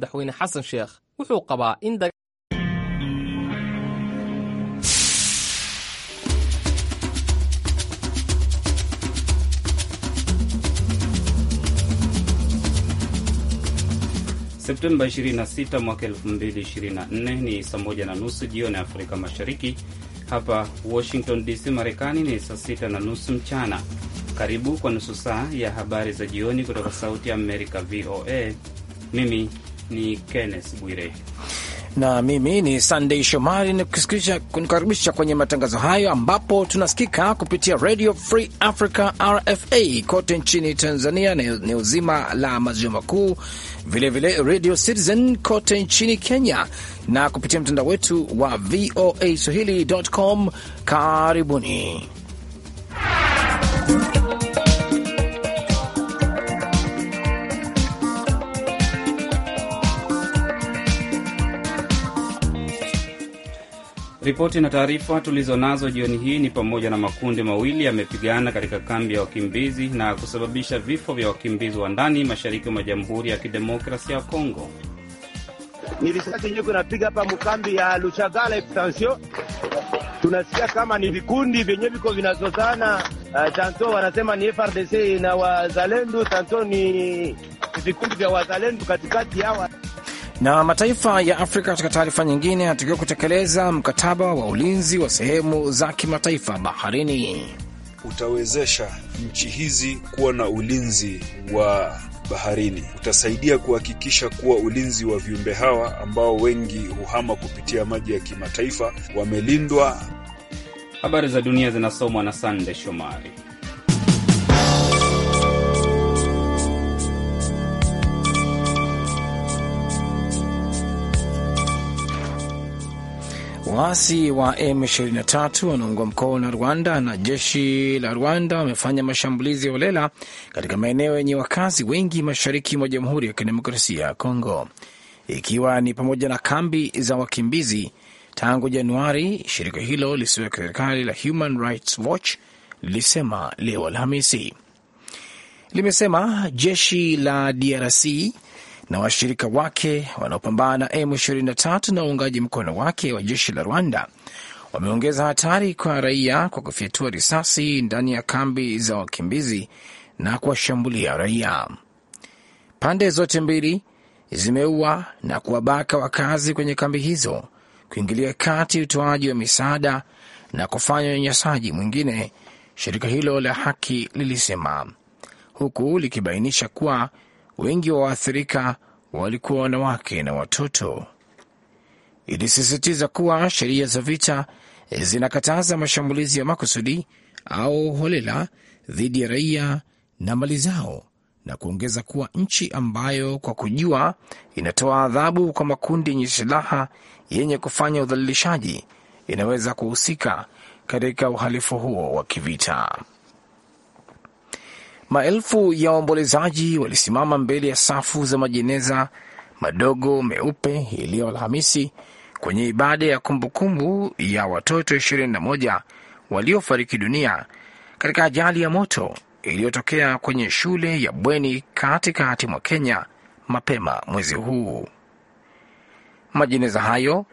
Madaxweyne Xasan Sheekh wuxuu qabaa in Septemba 26 mwaka 2024 ni saa moja na nusu jioni Afrika Mashariki. Hapa Washington DC, Marekani ni saa sita na nusu mchana. Karibu kwa nusu saa ya habari za jioni kutoka Sauti ya Amerika, VOA. Mimi ni Kenneth Bwire na mimi ni Sunday Shomari, nikukaribisha kwenye matangazo hayo ambapo tunasikika kupitia Radio Free Africa RFA kote nchini Tanzania na eneo zima la maziwa makuu, vilevile Radio Citizen kote nchini Kenya na kupitia mtandao wetu wa VOA swahili.com. Karibuni Ripoti na taarifa tulizonazo jioni hii ni pamoja na makundi mawili yamepigana katika kambi ya wakimbizi na kusababisha vifo vya wakimbizi wa ndani mashariki mwa Jamhuri ya Kidemokrasia ya Kongo. Ni risasi yenyewe kunapiga hapa mkambi ya Luchagala extension. Tunasikia kama ni vikundi vyenye viko vinazozana, uh, tanto wanasema ni FRDC na wazalendo, tanto ni vikundi vya wazalendo katikati hawa na mataifa ya Afrika katika taarifa nyingine yanatakiwa kutekeleza mkataba wa ulinzi wa sehemu za kimataifa baharini. Utawezesha nchi hizi kuwa na ulinzi wa baharini, utasaidia kuhakikisha kuwa ulinzi wa viumbe hawa ambao wengi huhama kupitia maji ya kimataifa wamelindwa. Habari za dunia zinasomwa na Sande Shomari. Waasi wa M23 wanaungwa mkono na Rwanda na jeshi la Rwanda wamefanya mashambulizi ya holela katika maeneo yenye wakazi wengi mashariki mwa Jamhuri ya Kidemokrasia ya Kongo, ikiwa ni pamoja na kambi za wakimbizi. Tangu Januari, shirika hilo lisilo la serikali la Human Rights Watch lilisema leo Alhamisi limesema jeshi la DRC na washirika wake wanaopambana na M23 na uungaji mkono wake wa jeshi la Rwanda wameongeza hatari kwa raia kwa kufyatua risasi ndani ya kambi za wakimbizi na kuwashambulia raia. Pande zote mbili zimeua na kuwabaka wakazi kwenye kambi hizo, kuingilia kati utoaji wa misaada na kufanya unyanyasaji mwingine, shirika hilo la haki lilisema, huku likibainisha kuwa wengi wa waathirika walikuwa wanawake na watoto. Ilisisitiza kuwa sheria za vita eh, zinakataza mashambulizi ya makusudi au holela dhidi ya raia na mali zao, na kuongeza kuwa nchi ambayo kwa kujua inatoa adhabu kwa makundi yenye silaha yenye kufanya udhalilishaji inaweza kuhusika katika uhalifu huo wa kivita. Maelfu ya waombolezaji walisimama mbele ya safu za majeneza madogo meupe iliyo Alhamisi kwenye ibada ya kumbukumbu ya watoto 21 waliofariki dunia katika ajali ya moto iliyotokea kwenye shule ya bweni katikati mwa Kenya mapema mwezi huu. Majeneza hayo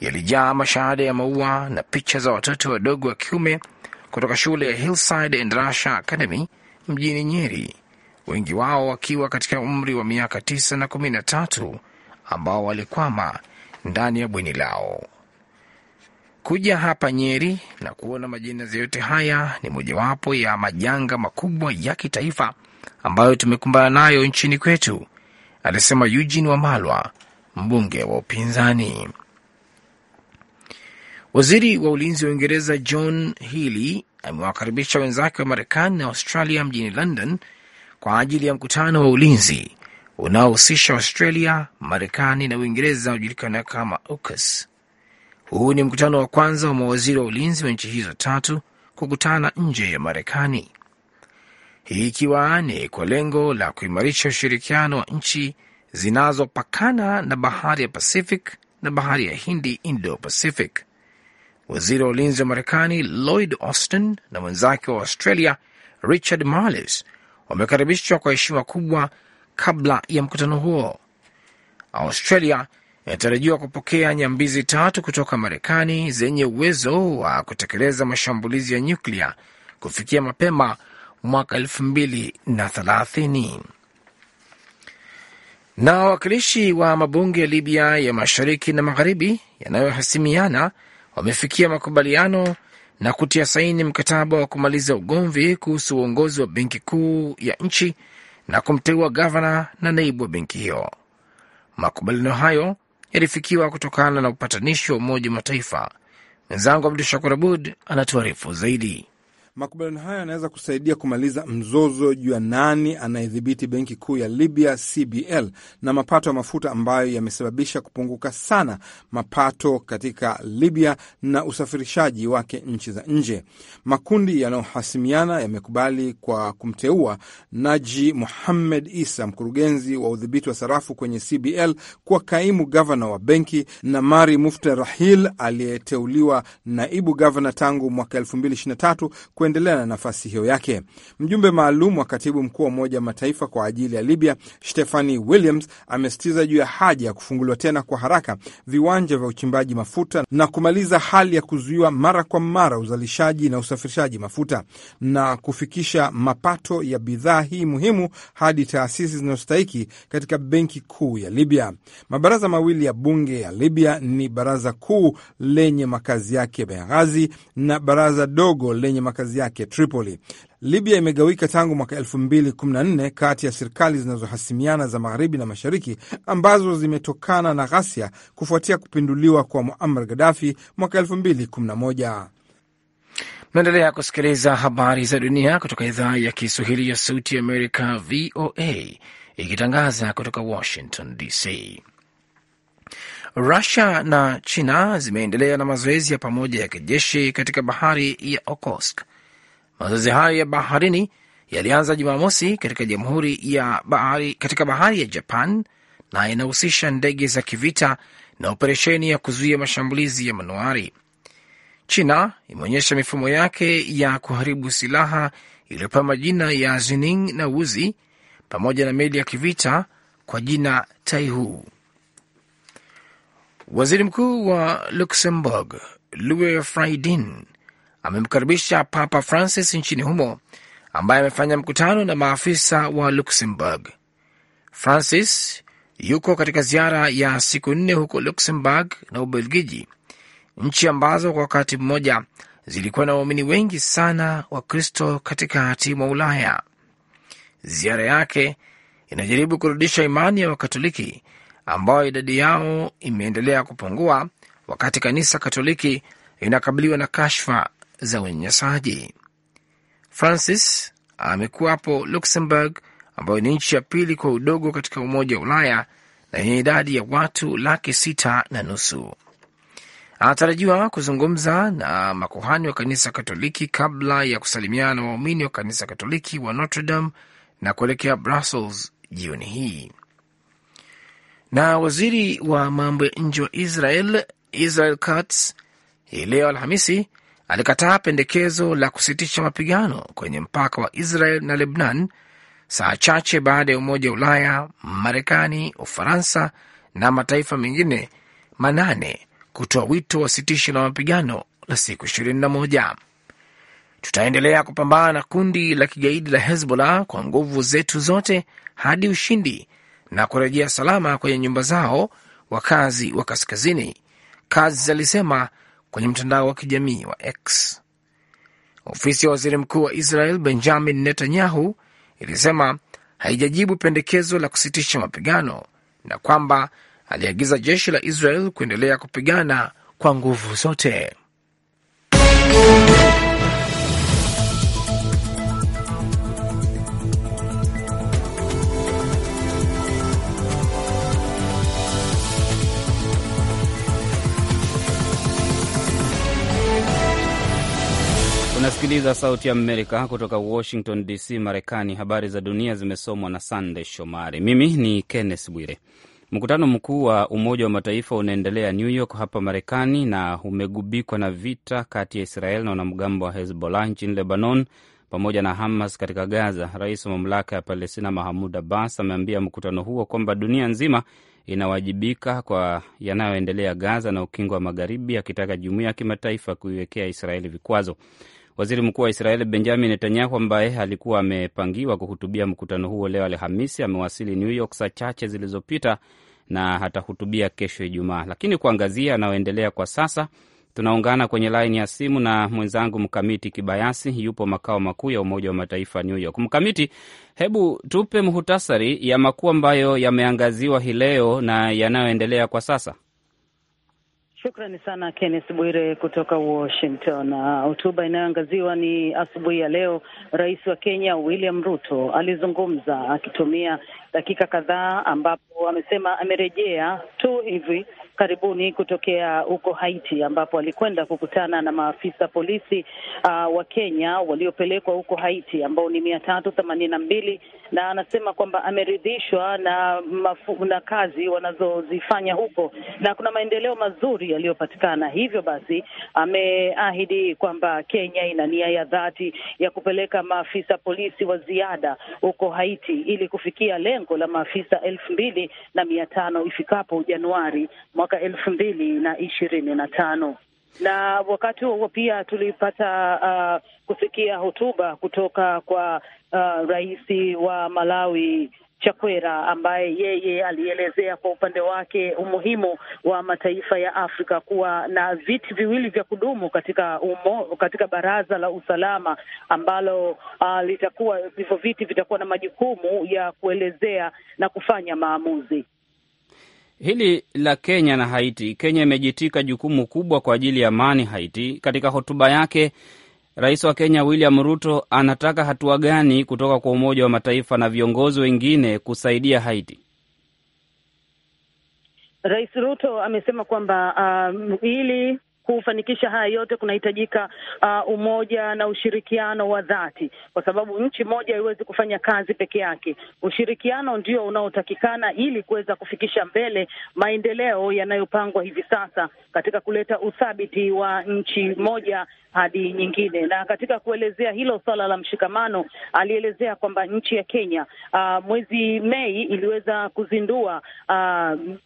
yalijaa mashahada ya maua na picha za watoto wadogo wa kiume kutoka shule ya Hillside Endarasha Academy mjini Nyeri, wengi wao wakiwa katika umri wa miaka tisa na kumi na tatu ambao walikwama ndani ya bweni lao. Kuja hapa Nyeri na kuona majineza yote haya ni mojawapo ya majanga makubwa ya kitaifa ambayo tumekumbana nayo nchini kwetu, alisema Eugene Wamalwa, mbunge wa upinzani. Waziri wa ulinzi wa Uingereza John Healey amewakaribisha wenzake wa Marekani na Australia mjini London kwa ajili ya mkutano wa ulinzi unaohusisha Australia, Marekani na Uingereza unaojulikana kama AUKUS. Huu ni mkutano wa kwanza wa mawaziri wa ulinzi wa nchi hizo tatu kukutana nje ya Marekani, hii ikiwa ni kwa lengo la kuimarisha ushirikiano wa nchi zinazopakana na bahari ya Pacific na bahari ya Hindi, Indo Pacific waziri wa ulinzi wa Marekani Lloyd Austin na mwenzake wa Australia Richard Marles wamekaribishwa kwa heshima kubwa kabla ya mkutano huo. Australia inatarajiwa kupokea nyambizi tatu kutoka Marekani zenye uwezo wa kutekeleza mashambulizi ya nyuklia kufikia mapema mwaka elfu mbili na thelathini. Na wawakilishi wa mabunge ya Libya ya mashariki na magharibi yanayohasimiana wamefikia makubaliano na kutia saini mkataba wa kumaliza ugomvi kuhusu uongozi wa benki kuu ya nchi na kumteua gavana na naibu wa benki hiyo. Makubaliano hayo yalifikiwa kutokana na upatanishi wa Umoja wa Mataifa. Mwenzangu Abdu Shakur Abud anatuarifu zaidi. Makubaliano haya yanaweza kusaidia kumaliza mzozo juu ya nani anayedhibiti benki kuu ya Libya, CBL, na mapato ya mafuta ambayo yamesababisha kupunguka sana mapato katika Libya na usafirishaji wake nchi za nje. Makundi yanayohasimiana yamekubali kwa kumteua Naji Muhammed Isa, mkurugenzi wa udhibiti wa sarafu kwenye CBL, kuwa kaimu gavana wa benki na Mari Mufta Rahil aliyeteuliwa naibu gavana tangu mwaka 2023 kuendelea na nafasi hiyo yake. Mjumbe maalum wa katibu mkuu wa Umoja wa Mataifa kwa ajili ya Libya, Stephanie Williams, amesitiza juu ya haja ya kufunguliwa tena kwa haraka viwanja vya uchimbaji mafuta na kumaliza hali ya kuzuiwa mara kwa mara uzalishaji na usafirishaji mafuta na kufikisha mapato ya bidhaa hii muhimu hadi taasisi zinazostahiki katika benki kuu ya Libya. Mabaraza mawili ya bunge ya Libya ni baraza kuu lenye makazi yake Benghazi na baraza dogo lenye makazi yake Tripoli. Libya imegawika tangu mwaka 2014 kati ya serikali zinazohasimiana za magharibi na mashariki ambazo zimetokana na ghasia kufuatia kupinduliwa kwa Muammar Gaddafi mwaka 2011. naendelea kusikiliza habari za dunia kutoka idhaa ya Kiswahili ya Sauti ya Amerika, VOA, ikitangaza kutoka Washington DC. Rusia na China zimeendelea na mazoezi ya pamoja ya kijeshi katika bahari ya Okosk Mazoezi hayo ya baharini yalianza Jumamosi katika jamhuri ya bahari, katika bahari ya Japan na inahusisha ndege za kivita na operesheni ya kuzuia mashambulizi ya manuari. China imeonyesha mifumo yake ya kuharibu silaha iliyopewa majina ya Zining na uzi pamoja na meli ya kivita kwa jina Taihu. Waziri mkuu wa Luxembourg Louis Fraidin amemkaribisha Papa Francis nchini humo ambaye amefanya mkutano na maafisa wa Luxembourg. Francis yuko katika ziara ya siku nne huko Luxembourg na Ubelgiji, nchi ambazo kwa wakati mmoja zilikuwa na waumini wengi sana wa Kristo katikati mwa Ulaya. Ziara yake inajaribu kurudisha imani ya Wakatoliki ambayo idadi yao imeendelea kupungua wakati kanisa Katoliki inakabiliwa na kashfa za unyanyasaji. Francis amekuwapo Luxembourg, ambayo ni nchi ya pili kwa udogo katika Umoja wa Ulaya na yenye idadi ya watu laki sita na nusu. Anatarajiwa kuzungumza na makuhani wa kanisa Katoliki kabla ya kusalimiana na waumini wa kanisa Katoliki wa Notre Dame na kuelekea Brussels jioni hii. Na waziri wa mambo ya nje wa Israel Israel Katz hii leo Alhamisi alikataa pendekezo la kusitisha mapigano kwenye mpaka wa Israel na Lebnan saa chache baada ya Umoja wa Ulaya, Marekani, Ufaransa na mataifa mengine manane kutoa wito wa sitisho la mapigano la siku 21. Tutaendelea kupambana na kundi la kigaidi la Hezbollah kwa nguvu zetu zote hadi ushindi na kurejea salama kwenye nyumba zao wakazi wa kaskazini, kazi alisema kwenye mtandao wa kijamii wa X. Ofisi ya waziri mkuu wa Israel Benjamin Netanyahu ilisema haijajibu pendekezo la kusitisha mapigano na kwamba aliagiza jeshi la Israel kuendelea kupigana kwa nguvu zote. unasikiliza Sauti ya Amerika kutoka Washington DC, Marekani. Habari za dunia zimesomwa na Sande Shomari. Mimi ni Kenneth Bwire. Mkutano mkuu wa Umoja wa Mataifa unaendelea New York hapa Marekani na umegubikwa na vita kati ya Israel na wanamgambo wa Hezbollah nchini Lebanon pamoja na Hamas katika Gaza. Rais wa mamlaka ya Palestina Mahmud Abbas ameambia mkutano huo kwamba dunia nzima inawajibika kwa yanayoendelea Gaza na Ukingo wa Magharibi, akitaka jumuiya ya kimataifa kuiwekea Israeli vikwazo. Waziri mkuu wa Israeli Benjamin Netanyahu, ambaye alikuwa amepangiwa kuhutubia mkutano huo leo Alhamisi, amewasili New York saa chache zilizopita na atahutubia kesho Ijumaa. Lakini kuangazia anayoendelea kwa sasa, tunaungana kwenye laini ya simu na mwenzangu Mkamiti Kibayasi, yupo makao makuu ya Umoja wa Mataifa New York. Mkamiti, hebu tupe muhutasari ya makuu ambayo yameangaziwa hii leo na yanayoendelea kwa sasa. Shukrani sana Kenneth Bwire kutoka Washington. Ah, hotuba uh, inayoangaziwa ni asubuhi ya leo, rais wa Kenya William Ruto alizungumza akitumia dakika kadhaa, ambapo amesema amerejea tu hivi karibuni kutokea huko Haiti ambapo alikwenda kukutana na maafisa polisi uh, wa Kenya waliopelekwa huko Haiti ambao ni mia tatu themanini na mbili, na anasema kwamba ameridhishwa na mafu, na kazi wanazozifanya huko na kuna maendeleo mazuri yaliyopatikana. Hivyo basi ameahidi kwamba Kenya ina nia ya dhati ya kupeleka maafisa polisi wa ziada huko Haiti ili kufikia lengo la maafisa elfu mbili na mia tano ifikapo Januari mwaka elfu mbili na ishirini na tano na wakati huo pia tulipata uh, kusikia hotuba kutoka kwa uh, rais wa Malawi Chakwera ambaye yeye alielezea kwa upande wake umuhimu wa mataifa ya Afrika kuwa na viti viwili vya kudumu katika umo, katika baraza la usalama ambalo uh, litakuwa hivyo viti vitakuwa na majukumu ya kuelezea na kufanya maamuzi hili la Kenya na Haiti. Kenya imejitika jukumu kubwa kwa ajili ya amani Haiti. Katika hotuba yake, rais wa Kenya William Ruto anataka hatua gani kutoka kwa Umoja wa Mataifa na viongozi wengine kusaidia Haiti? Rais Ruto amesema kwamba um, ili kufanikisha haya yote kunahitajika uh, umoja na ushirikiano wa dhati, kwa sababu nchi moja haiwezi kufanya kazi peke yake. Ushirikiano ndio unaotakikana ili kuweza kufikisha mbele maendeleo yanayopangwa hivi sasa katika kuleta uthabiti wa nchi moja hadi nyingine. Na katika kuelezea hilo swala la mshikamano, alielezea kwamba nchi ya Kenya uh, mwezi Mei iliweza kuzindua uh,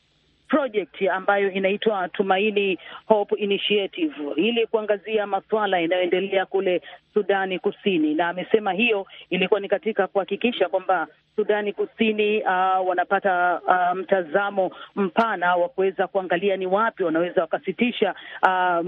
project ambayo inaitwa Tumaini Hope Initiative ili kuangazia masuala yanayoendelea kule Sudani Kusini, na amesema hiyo ilikuwa ni katika kuhakikisha kwamba Sudani Kusini uh, wanapata uh, mtazamo mpana wa kuweza kuangalia ni wapi wanaweza wakasitisha uh,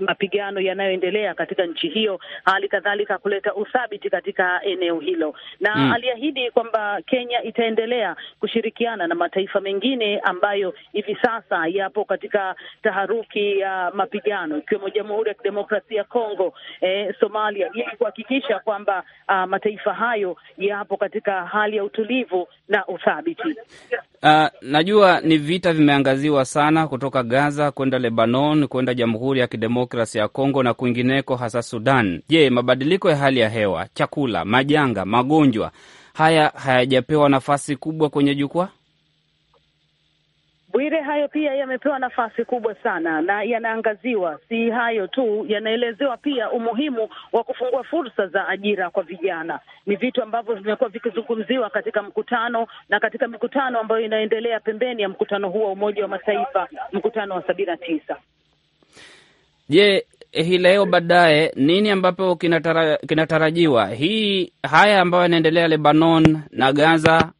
mapigano yanayoendelea katika nchi hiyo, hali kadhalika kuleta uthabiti katika eneo hilo, na mm, aliahidi kwamba Kenya itaendelea kushirikiana na mataifa mengine ambayo hivi sasa yapo katika taharuki ya uh, mapigano ikiwemo Jamhuri ya Kidemokrasia ya Kongo, eh, Somalia, ili kuhakikisha kwamba uh, mataifa hayo yapo katika hali ya utulivu na uthabiti. Uh, najua ni vita vimeangaziwa sana kutoka Gaza kwenda Lebanon kwenda Jamhuri ya Kidemokrasi ya Kongo na kwingineko, hasa Sudan. Je, mabadiliko ya hali ya hewa, chakula, majanga, magonjwa haya hayajapewa nafasi kubwa kwenye jukwaa? Bwire, hayo pia yamepewa nafasi kubwa sana na yanaangaziwa. Si hayo tu, yanaelezewa pia umuhimu wa kufungua fursa za ajira kwa vijana. Ni vitu ambavyo vimekuwa vikizungumziwa katika mkutano na katika mikutano ambayo inaendelea pembeni ya mkutano huu wa Umoja wa Mataifa, mkutano wa sabini na tisa. Je, hii leo baadaye nini ambapo kinatara, kinatarajiwa hii haya ambayo yanaendelea Lebanon na Gaza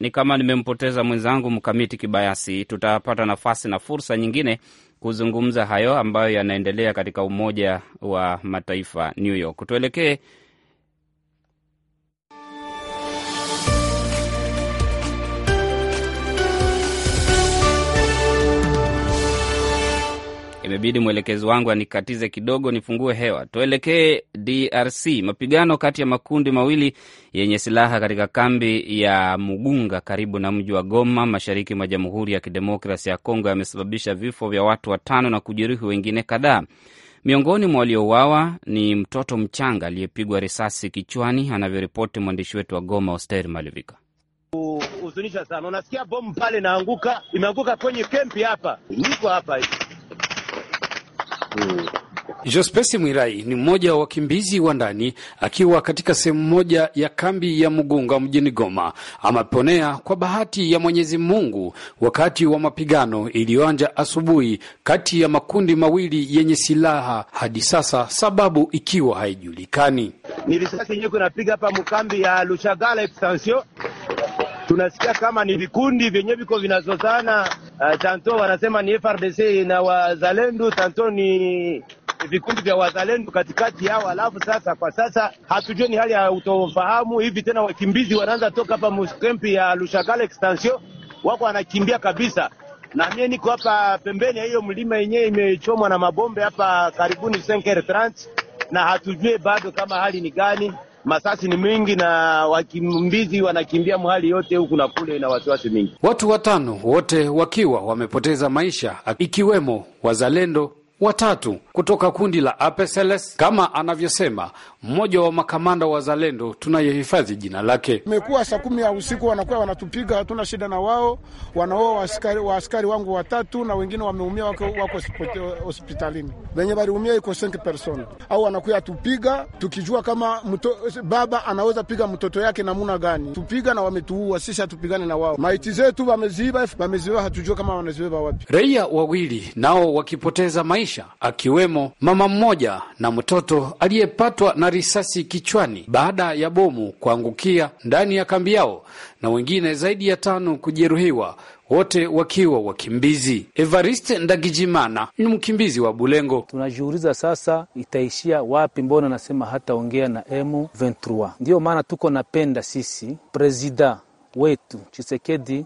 ni kama nimempoteza mwenzangu Mkamiti Kibayasi. Tutapata nafasi na fursa nyingine kuzungumza hayo ambayo yanaendelea katika Umoja wa Mataifa New York. Tuelekee Imebidi mwelekezi wangu anikatize kidogo nifungue hewa. Tuelekee DRC. Mapigano kati ya makundi mawili yenye silaha katika kambi ya Mugunga karibu na mji wa Goma, mashariki mwa Jamhuri ya Kidemokrasi ya Kongo yamesababisha vifo vya watu watano na kujeruhi wengine kadhaa. Miongoni mwa waliouawa ni mtoto mchanga aliyepigwa risasi kichwani, anavyoripoti mwandishi wetu wa Goma, Oster Malivika. Huzunisha sana, unasikia bomu pale inaanguka, imeanguka kwenye kempi hapa, niko hapa huu. Jospesi Mwirai ni mmoja wa wakimbizi wa ndani akiwa katika sehemu moja ya kambi ya Mugunga mjini Goma. Ameponea kwa bahati ya Mwenyezi Mungu wakati wa mapigano iliyoanja asubuhi kati ya makundi mawili yenye silaha, hadi sasa sababu ikiwa haijulikani. Ni risasi yenyewe kunapiga hapa mkambi ya Lushagala extension, tunasikia kama ni vikundi vyenyewe viko vinazozana Eh, tanto wanasema ni FRDC na wazalendo, tanto ni vikundi vya wazalendo katikati yao. Alafu sasa, kwa sasa hatujue ni hali ya utofahamu hivi. Tena wakimbizi wanaanza toka hapa mkempi ya Lushakala extension, wako wanakimbia kabisa, na mie niko hapa pembeni ya hiyo mlima yenyewe imechomwa na mabombe hapa karibuni 5h30 na hatujue bado kama hali ni gani masasi ni mingi na wakimbizi wanakimbia mahali yote huku na kule, na wasiwasi mingi. Watu watano wote wakiwa wamepoteza maisha ikiwemo wazalendo watatu kutoka kundi la Apeseles, kama anavyosema mmoja wa makamanda wa Zalendo tunayehifadhi jina lake. Imekuwa saa kumi ya usiku, wanakuwa wanatupiga, hatuna shida na wao. Wanaoa waaskari wa askari wangu watatu na wengine wameumia, wako, wako hospitalini. Venye waliumia iko cinq persone, au wanakuya tupiga, tukijua kama mto, baba anaweza piga mtoto yake namuna gani, tupiga na wametuua sisi, hatupigane na wao. Maiti zetu wameziba, wameziba, hatujua kama wanaziiba wapi. Raia wawili nao wakipoteza maisha maisha, akiwemo mama mmoja na mtoto aliyepatwa na risasi kichwani baada ya bomu kuangukia ndani ya kambi yao na wengine zaidi ya tano kujeruhiwa, wote wakiwa wakimbizi. Evariste Ndagijimana ni mkimbizi wa Bulengo. Tunajiuliza sasa itaishia wapi? Mbona anasema hataongea na M23? Ndiyo maana tuko napenda sisi prezida wetu Chisekedi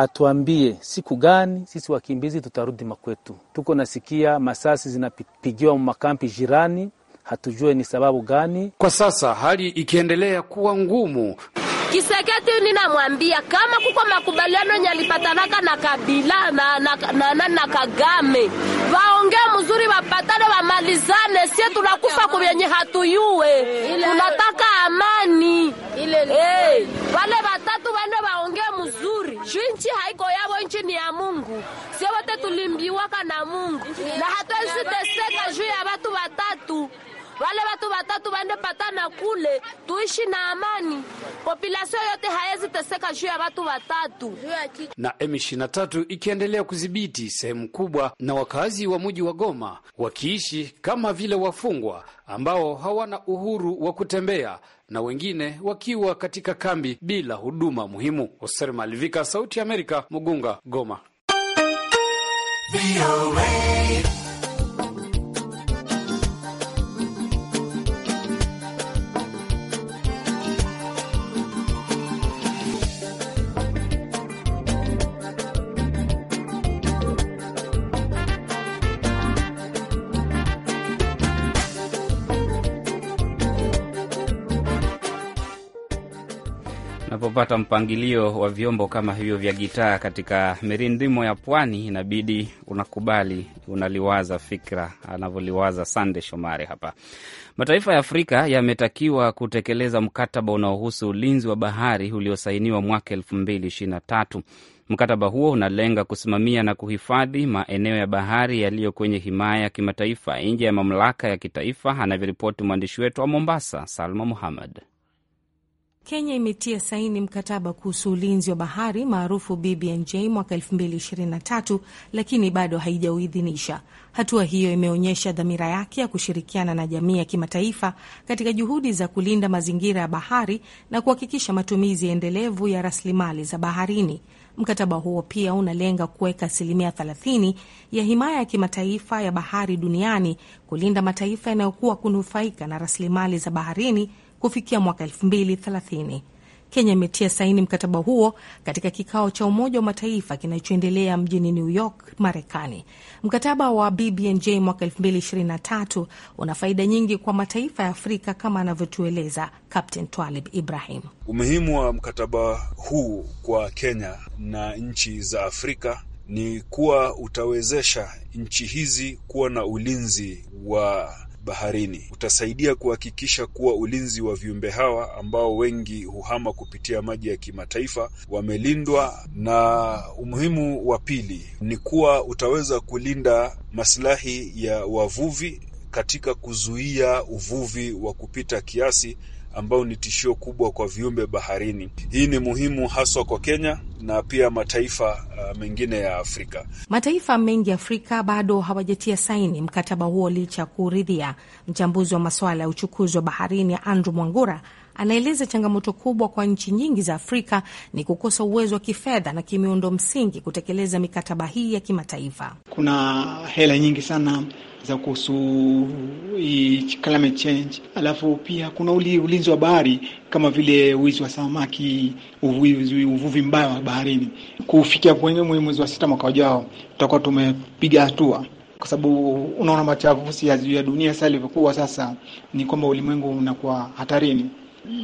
atuambie siku gani sisi wakimbizi tutarudi makwetu. Tuko nasikia masasi zinapigiwa makampi jirani, hatujue ni sababu gani. Kwa sasa hali ikiendelea kuwa ngumu Kiseketi ninamwambia kama kuko makubaliano nyalipatanaka na Kabila na, na, na, na, na Kagame waongee mzuri, wapatane, wamalizane. Sie tunakufa kuvyenye hatuyue, tunataka amani ile, hey, eh, wale watatu wane juu nchi haiko yabo, nchi ni ya Mungu. Sie wote tulimbiwaka na Mungu na hatuwezi teseka juu ya watu watatu wale watu watatu waende patana kule, tuishi na amani, populasio yote haezi teseka juu ya watu watatu. Na M23 ikiendelea kudhibiti sehemu kubwa, na wakazi wa mji wa Goma wakiishi kama vile wafungwa ambao hawana uhuru wa kutembea na wengine wakiwa katika kambi bila huduma muhimu. Hoser Malivika, Sauti ya Amerika, Mugunga, Goma. kupata mpangilio wa vyombo kama hivyo vya gitaa katika mirindimo ya pwani, inabidi unakubali, unaliwaza fikra anavyoliwaza Sande Shomari hapa. Mataifa ya Afrika yametakiwa kutekeleza mkataba unaohusu ulinzi wa bahari uliosainiwa mwaka elfu mbili ishirini na tatu. Mkataba huo unalenga kusimamia na kuhifadhi maeneo ya bahari yaliyo kwenye himaya ya kimataifa nje ya mamlaka ya kitaifa, anavyoripoti mwandishi wetu wa Mombasa, Salma Muhammad. Kenya imetia saini mkataba kuhusu ulinzi wa bahari maarufu BBNJ mwaka 2023 lakini bado haijauidhinisha. Hatua hiyo imeonyesha dhamira yake ya kushirikiana na jamii ya kimataifa katika juhudi za kulinda mazingira ya bahari na kuhakikisha matumizi endelevu ya rasilimali za baharini. Mkataba huo pia unalenga kuweka asilimia 30 ya himaya ya kimataifa ya bahari duniani kulinda mataifa yanayokuwa kunufaika na rasilimali za baharini kufikia mwaka 2030. Kenya imetia saini mkataba huo katika kikao cha Umoja wa Mataifa kinachoendelea mjini New York, Marekani. Mkataba wa BBNJ mwaka 2023 una faida nyingi kwa mataifa ya Afrika kama anavyotueleza Captain Twalib Ibrahim. Umuhimu wa mkataba huu kwa Kenya na nchi za Afrika ni kuwa utawezesha nchi hizi kuwa na ulinzi wa baharini utasaidia kuhakikisha kuwa ulinzi wa viumbe hawa ambao wengi huhama kupitia maji ya kimataifa wamelindwa, na umuhimu wa pili ni kuwa utaweza kulinda masilahi ya wavuvi katika kuzuia uvuvi wa kupita kiasi ambao ni tishio kubwa kwa viumbe baharini. Hii ni muhimu haswa kwa Kenya na pia mataifa uh, mengine ya Afrika. Mataifa mengi ya Afrika bado hawajatia saini mkataba huo licha ya kuridhia Mchambuzi wa masuala ya uchukuzi wa baharini Andrew Mwangura Anaeleza changamoto kubwa kwa nchi nyingi za Afrika ni kukosa uwezo wa kifedha na kimiundo msingi kutekeleza mikataba hii ya kimataifa. Kuna hela nyingi sana za kuhusu climate change, alafu pia kuna uli ulinzi wa bahari kama vile wizi wa samaki, uvuvi, mbaya wa baharini. Kufikia kwenye mwezi wa sita mwaka ujao, tutakuwa tumepiga hatua kwa sababu unaona machafusi ya dunia sasa ilivyokuwa sasa, ni kwamba ulimwengu unakuwa hatarini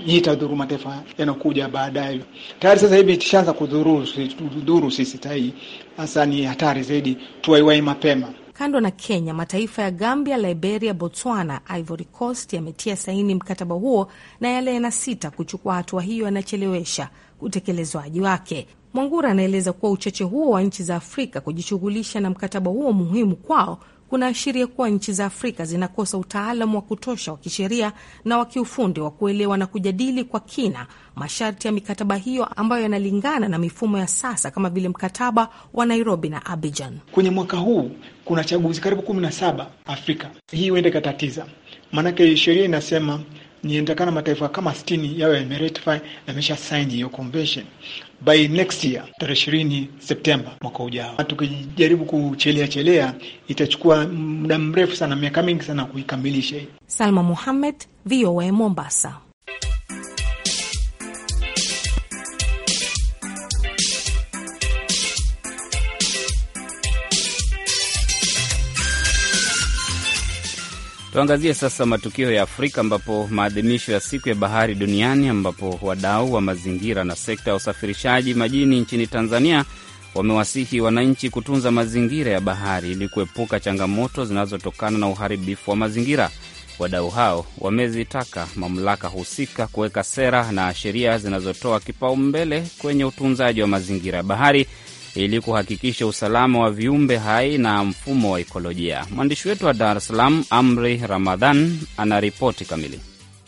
itadhuru mataifa yanakuja baadaye. Tayari sasa hivi tushaanza kudhuru, sisi tai, hasa ni hatari zaidi, tuwaiwai mapema. Kando na Kenya, mataifa ya Gambia, Liberia, Botswana, Ivory Coast yametia saini mkataba huo na yale yana sita kuchukua hatua hiyo yanachelewesha utekelezwaji wake. Mwangura anaeleza kuwa uchache huo wa nchi za Afrika kujishughulisha na mkataba huo muhimu kwao kunaashiria kuwa nchi za Afrika zinakosa utaalamu wa kutosha wa kisheria na wa kiufundi wa kuelewa na kujadili kwa kina masharti ya mikataba hiyo ambayo yanalingana na mifumo ya sasa kama vile mkataba wa Nairobi na Abidjan. Kwenye mwaka huu kuna chaguzi karibu kumi na saba Afrika. Hii huenda ikatatiza, maanake sheria inasema niendekana mataifa kama 60 yawe yameratify yamesha sign hiyo convention by next year tarehe 20 Septemba mwaka ujao. Tukijaribu kuchelea chelea itachukua muda mrefu sana, miaka mingi sana kuikamilisha hii. Salma Muhammad, VOA Mombasa. Tuangazie sasa matukio ya Afrika ambapo maadhimisho ya siku ya bahari duniani ambapo wadau wa mazingira na sekta ya usafirishaji majini nchini Tanzania wamewasihi wananchi kutunza mazingira ya bahari ili kuepuka changamoto zinazotokana na uharibifu wa mazingira. Wadau hao wamezitaka mamlaka husika kuweka sera na sheria zinazotoa kipaumbele kwenye utunzaji wa mazingira ya bahari ili kuhakikisha usalama wa viumbe hai na mfumo wa ikolojia. Mwandishi wetu wa Dar es Salaam, Amri Ramadhan, ana ripoti kamili.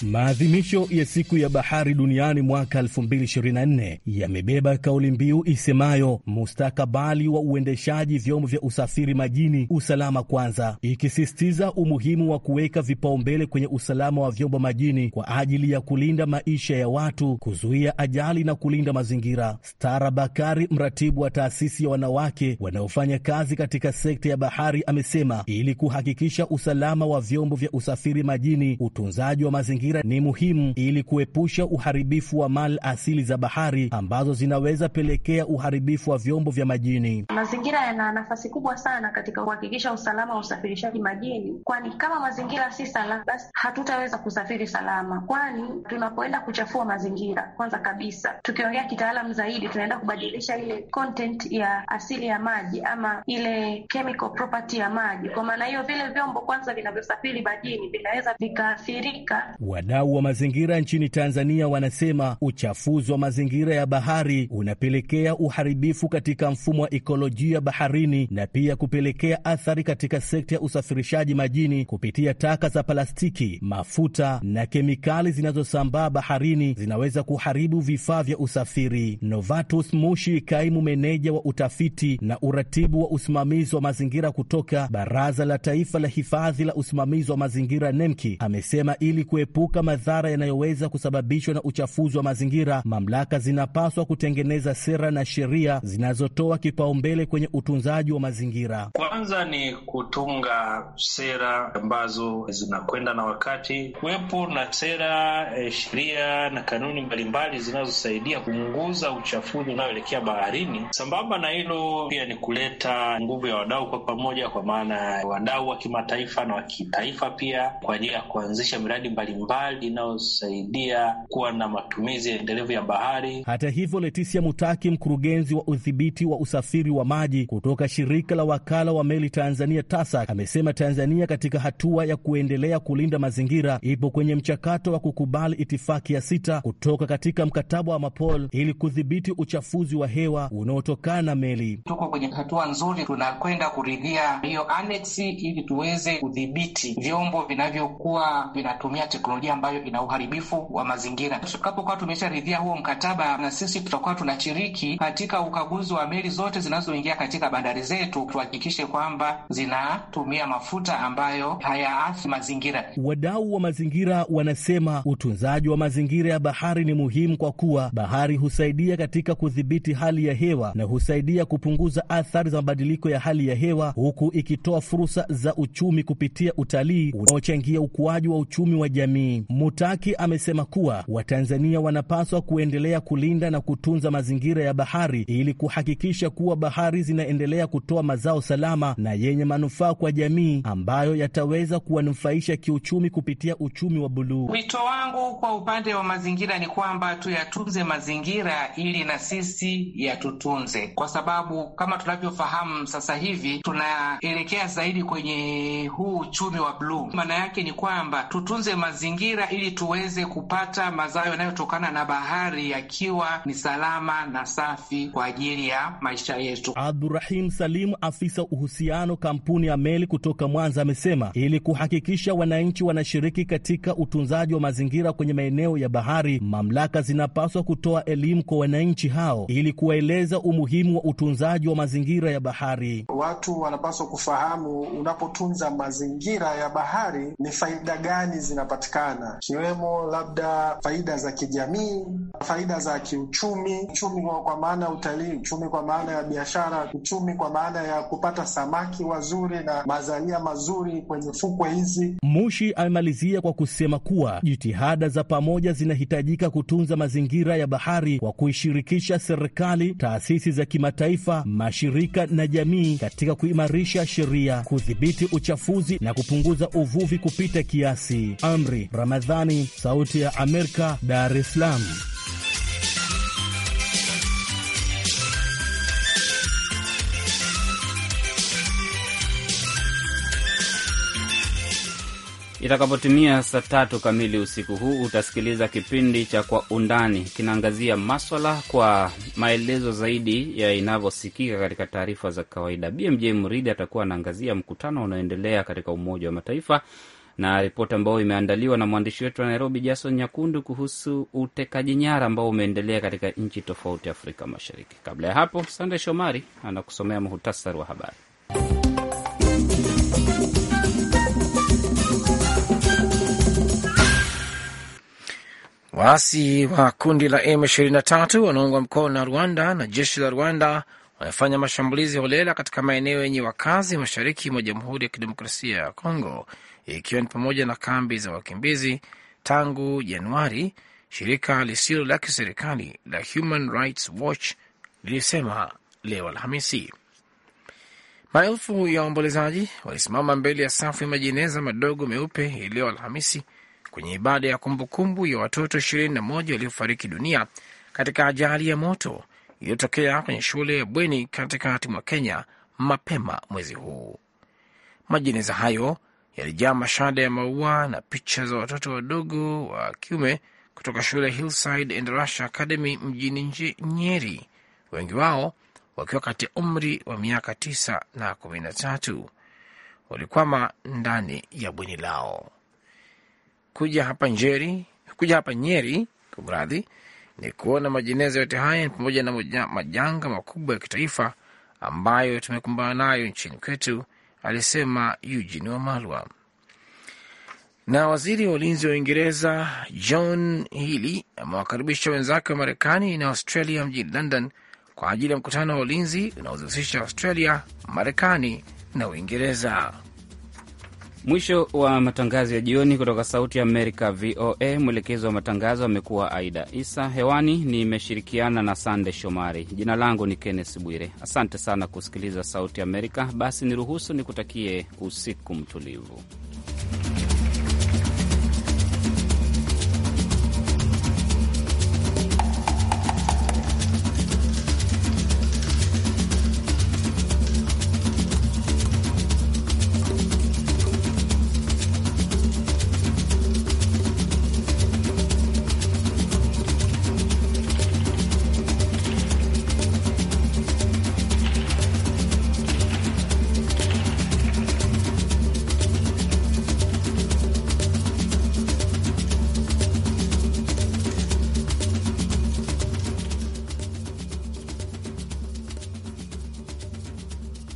Maadhimisho ya siku ya bahari duniani mwaka 2024 yamebeba kauli mbiu isemayo mustakabali wa uendeshaji vyombo vya usafiri majini, usalama kwanza, ikisisitiza umuhimu wa kuweka vipaumbele kwenye usalama wa vyombo majini kwa ajili ya kulinda maisha ya watu, kuzuia ajali na kulinda mazingira. Stara Bakari, mratibu wa taasisi ya wanawake wanaofanya kazi katika sekta ya bahari, amesema ili kuhakikisha usalama wa vyombo vya usafiri majini, utunzaji wa mazingira mazingira ni muhimu ili kuepusha uharibifu wa mali asili za bahari ambazo zinaweza pelekea uharibifu wa vyombo vya majini. Mazingira yana nafasi kubwa sana katika kuhakikisha usalama wa usafirishaji majini, kwani kama mazingira si salama, basi hatutaweza kusafiri salama, kwani tunapoenda kuchafua mazingira, kwanza kabisa, tukiongea kitaalamu zaidi, tunaenda kubadilisha ile content ya asili ya maji ama ile chemical property ya maji. Kwa maana hiyo, vile vyombo kwanza vinavyosafiri majini vinaweza vikaathirika. Wadau wa mazingira nchini Tanzania wanasema uchafuzi wa mazingira ya bahari unapelekea uharibifu katika mfumo wa ikolojia baharini na pia kupelekea athari katika sekta ya usafirishaji majini kupitia taka za plastiki, mafuta na kemikali zinazosambaa baharini zinaweza kuharibu vifaa vya usafiri. Novatus Mushi, kaimu meneja wa utafiti na uratibu wa usimamizi wa mazingira kutoka Baraza la Taifa la Hifadhi la Usimamizi wa Mazingira, NEMKI, amesema ili kuepuka kuepuka madhara yanayoweza kusababishwa na uchafuzi wa mazingira, mamlaka zinapaswa kutengeneza sera na sheria zinazotoa kipaumbele kwenye utunzaji wa mazingira. Kwanza ni kutunga sera ambazo zinakwenda na wakati, kuwepo na sera e, sheria na kanuni mbalimbali zinazosaidia kupunguza uchafuzi unaoelekea baharini. Sambamba na hilo, pia ni kuleta nguvu ya wadau kwa pamoja, kwa maana wadau wa kimataifa na wa kitaifa pia, kwa ajili ya kuanzisha miradi mbalimbali bahari inayosaidia kuwa na matumizi endelevu ya bahari. Hata hivyo, Letisia Mutaki, mkurugenzi wa udhibiti wa usafiri wa maji kutoka shirika la wakala wa meli Tanzania TASA, amesema Tanzania katika hatua ya kuendelea kulinda mazingira ipo kwenye mchakato wa kukubali itifaki ya sita kutoka katika mkataba wa MAPOL ili kudhibiti uchafuzi wa hewa unaotokana na meli. Tuko kwenye hatua nzuri, tunakwenda kuridhia hiyo aneksi ili tuweze kudhibiti vyombo vinavyokuwa vinatumia teknolojia miradi ambayo ina uharibifu wa mazingira. Tutakapokuwa tumesharidhia huo mkataba, na sisi tutakuwa tunashiriki katika ukaguzi wa meli zote zinazoingia katika bandari zetu, tuhakikishe kwamba zinatumia mafuta ambayo hayaathiri mazingira. Wadau wa mazingira wanasema utunzaji wa mazingira ya bahari ni muhimu kwa kuwa bahari husaidia katika kudhibiti hali ya hewa na husaidia kupunguza athari za mabadiliko ya hali ya hewa huku ikitoa fursa za uchumi kupitia utalii unaochangia ukuaji wa uchumi wa jamii. Mutaki amesema kuwa Watanzania wanapaswa kuendelea kulinda na kutunza mazingira ya bahari ili kuhakikisha kuwa bahari zinaendelea kutoa mazao salama na yenye manufaa kwa jamii ambayo yataweza kuwanufaisha kiuchumi kupitia uchumi wa buluu. Wito wangu kwa upande wa mazingira ni kwamba tuyatunze mazingira ili na sisi yatutunze, kwa sababu kama tunavyofahamu sasa hivi tunaelekea zaidi kwenye huu uchumi wa buluu. Maana yake ni kwamba tutunze mazingira mazingira ili tuweze kupata mazao yanayotokana na bahari yakiwa ni salama na safi kwa ajili ya maisha yetu. Abdurahim Salimu, afisa uhusiano kampuni ya meli kutoka Mwanza, amesema ili kuhakikisha wananchi wanashiriki katika utunzaji wa mazingira kwenye maeneo ya bahari, mamlaka zinapaswa kutoa elimu kwa wananchi hao ili kuwaeleza umuhimu wa utunzaji wa mazingira ya bahari. Watu wanapaswa kufahamu unapotunza mazingira ya bahari ni faida gani zinapatikana sana, ikiwemo labda faida za kijamii, faida za kiuchumi, uchumi kwa, maana ya utalii, uchumi kwa maana ya biashara, uchumi kwa maana ya kupata samaki wazuri na mazalia mazuri kwenye fukwe hizi. Mushi amemalizia kwa kusema kuwa jitihada za pamoja zinahitajika kutunza mazingira ya bahari kwa kuishirikisha serikali, taasisi za kimataifa, mashirika na jamii katika kuimarisha sheria, kudhibiti uchafuzi na kupunguza uvuvi kupita kiasi. Amri Ramadhani, Sauti ya Amerika, Dar es Salaam. Itakapotimia saa tatu kamili usiku huu utasikiliza kipindi cha Kwa Undani, kinaangazia maswala kwa maelezo zaidi ya inavyosikika katika taarifa za kawaida. BMJ mridi atakuwa anaangazia mkutano unaoendelea katika Umoja wa Mataifa na ripoti ambayo imeandaliwa na mwandishi wetu wa Nairobi, Jason Nyakundu, kuhusu utekaji nyara ambao umeendelea katika nchi tofauti Afrika Mashariki. Kabla ya hapo, Sande Shomari anakusomea muhutasari wa habari. Waasi wa kundi la M23 wanaungwa mkono na Rwanda na jeshi la Rwanda wanafanya mashambulizi holela katika maeneo yenye wakazi mashariki mwa Jamhuri ya Kidemokrasia ya Kongo ikiwa ni pamoja na kambi za wakimbizi. Tangu Januari, shirika lisilo la kiserikali la Human Rights Watch lilisema leo Alhamisi. Maelfu ya waombolezaji walisimama mbele ya safu ya majeneza madogo meupe hii leo Alhamisi kwenye ibada ya kumbukumbu ya watoto 21 waliofariki dunia katika ajali ya moto iliyotokea kwenye shule ya bweni katikati mwa Kenya mapema mwezi huu. Majeneza hayo yalijaa mashada ya maua na picha za watoto wadogo wa kiume kutoka shule Hillside and Rush Academy mjini Nyeri, wengi wao wakiwa kati ya umri wa miaka tisa na kumi na tatu walikwama ndani ya bweni lao. Kuja hapa Nyeri, kuja hapa Nyeri kumradhi, ni kuona majeneza yote haya ni pamoja na majanga makubwa ya kitaifa ambayo tumekumbana nayo nchini kwetu alisema Eugene Wamalwa. Na waziri wa ulinzi wa Uingereza John Healey amewakaribisha wenzake wa Marekani na Australia mjini London kwa ajili ya mkutano wa ulinzi unaozihusisha Australia, Marekani na Uingereza. Mwisho wa matangazo ya jioni kutoka Sauti ya Amerika, VOA. Mwelekezi wa matangazo amekuwa Aida Isa. Hewani nimeshirikiana na Sande Shomari. Jina langu ni Kenneth Bwire. Asante sana kusikiliza Sauti Amerika. Basi niruhusu nikutakie usiku mtulivu.